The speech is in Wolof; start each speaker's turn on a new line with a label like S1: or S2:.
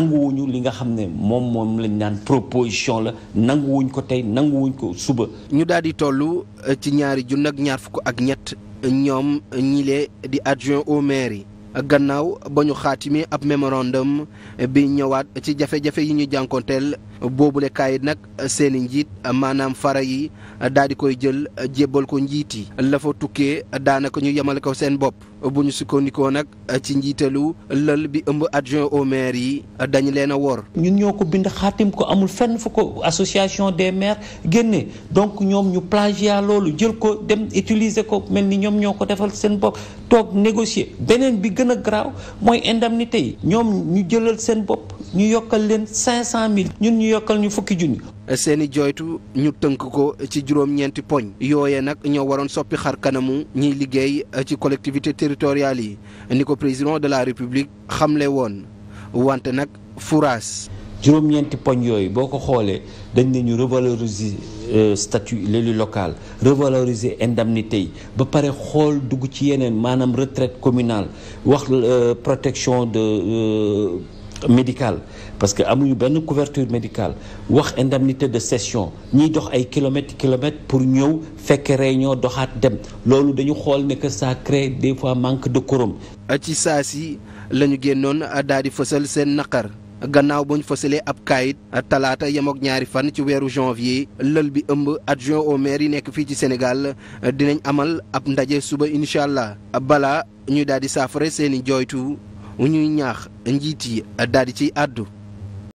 S1: nanguwuñu li nga xam ne moom moom lañ naan proposition la nanguwuñ ko tey nanguwuñ
S2: ko suba. ñu daal di toll euh, ci ñaari jun ak ñaar fukk ak ñett ñoom ñile di adjoint au maire yi. gannaaw ba ñu xaatimi ab mémorandum euh, bi ñëwaat ci jafe-jafe yi ñu jànkonteel boobule kaayit nag seeni njiit maanaam fara yi daal di koy jël jébbal ko njiit yi la fa tukkee daanaka ñu yemale ko seen bopp bu ñu sukkandikoo nag eh, ci njiitalu lël bi ëmb adjoint au maire yi eh, dañ leen a wor.
S1: ñun ñoo ko bind xaatim ko amul fenn fu ko association des maires génne donc ñoom ñu plagiat loolu jël ko dem utiliser ko mel ni ñoom ñoo ko defal seen bopp toog négocier beneen bi gën a garaaw mooy indemnité yi ñoom ñu jëlal seen bopp.
S2: ñu yokkal leen cinq cent mille ñun ñu yokkal ñu fukki junni. seeni joytu ñu tënk ko ci juróom-ñeenti poñ yooye nag ñoo waroon soppi xar kanamu ñiy liggéey eh, ci collectivité territoriale yi ni ko président de la république xamle woon wante nag furaas. juróom-ñeenti poñ yooyu boo ko xoolee dañ ne ñu revaloriser
S1: eh, statut locale local revaloriser indemnité yi ba pare xool dugg ci yeneen maanaam retraite communal wax eh, protection de. médicale parce que amuñu benn couverture médicale wax indemnité de session ñiy dox ay kilomètres kilomètres pour ñëw fekk ñoo doxaat dem loolu dañu xool ne que ça crée
S2: fois manque de quorum. ci saa si la ñu génnoon daal di fësal seen naqar gannaaw ba ñu fësalee ab kaayit talaata yem ak ñaari fan ci weeru janvier lël bi ëmb adjoint au maire yi nekk fii ci Sénégal dinañ amal ab ndaje suba incha allah balaa ñuy daal di saafara seen i jooytu. ñuy ñaax njiit yi daal di ciy àddu